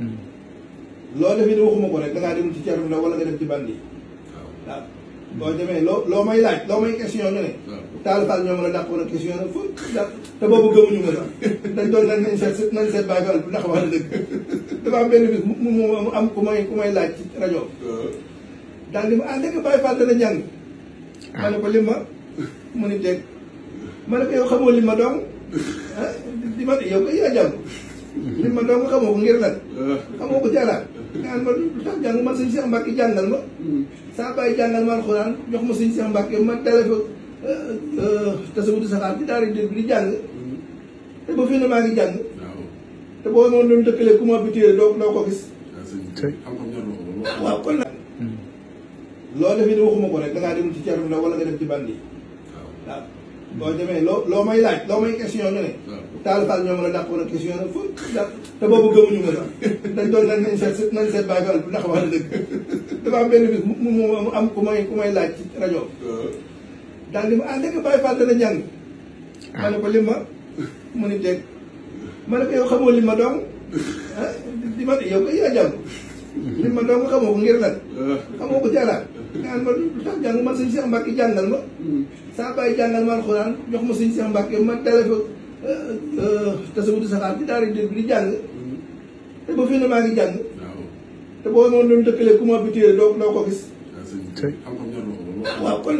loo def it waxuma ko rek da dem ci ceeru ndaw wala nga dem ci bandi waaw ah. boo demee loo loo may laaj loo may question ne ne taal faal ñoo mën a dàq wala question ne fo te boobu gëmuñu ko sax dañ doon nañ nañ seet nañ seet bàyyi faal ndax wax dëgg dafa am benn bis mu mu am ku may ku may laaj ci rajo uh-huh. daal di ma ah dëgg bàyyi faal dana njàng ah. ma ko lim ma mu ni teg ma ne ko yow xamoo lim ma dong ah di ma yow ko yaa jàng li ma dong xamoo ko ngir lan xamoo ko jaalaat ngaan ma lu tax jàng man sëñ Cheikh Mbacke jàngal ma saa bàyyi jàngal ma alxuraan jox ma sëñ Cheikh Mbacke ma dale fa tasawutu saxaar ci daara dër bi ne maa ma bi téere doo doo ko gis waaw kon nag loolu dafay ne waxuma ko rek da ngaa ci cerum la wala nga dem ci bandi waaw boo demee loo loo may laaj loo may question ne ne Talla Fall ñoo mën a dàq woon a question ne foofu te boobu gëmuñu ma sax dañ doon nañ nañ seet nañ seet Baye Fall ndax wax na dëgg dafa am benn bis mu mu am ku may ku may laaj ci rajo daal di ma ah dëgg Baye Fall dana jàng ma ne ko lim ma mu ni teg ma ne ko yow xamoo lim ma dong ah di ma yow ko yaa jàng lim ma dong xamoo ko ngir lan xamoo ah. ko ci alaat naan ma lu tax jàng man sëñ Cheikh Mbacke jàngal ma saa bàyyi jàngal ma alxuraan jox ma sëñ Cheikh Mbacke ma téléphone eh, eh, tasawutu saxaar ci daara bi di jàng te ba fii ne maa ngi jàng te boo noonu doon dëkkalee ku ma bi téere doo doo ko gis waaw kon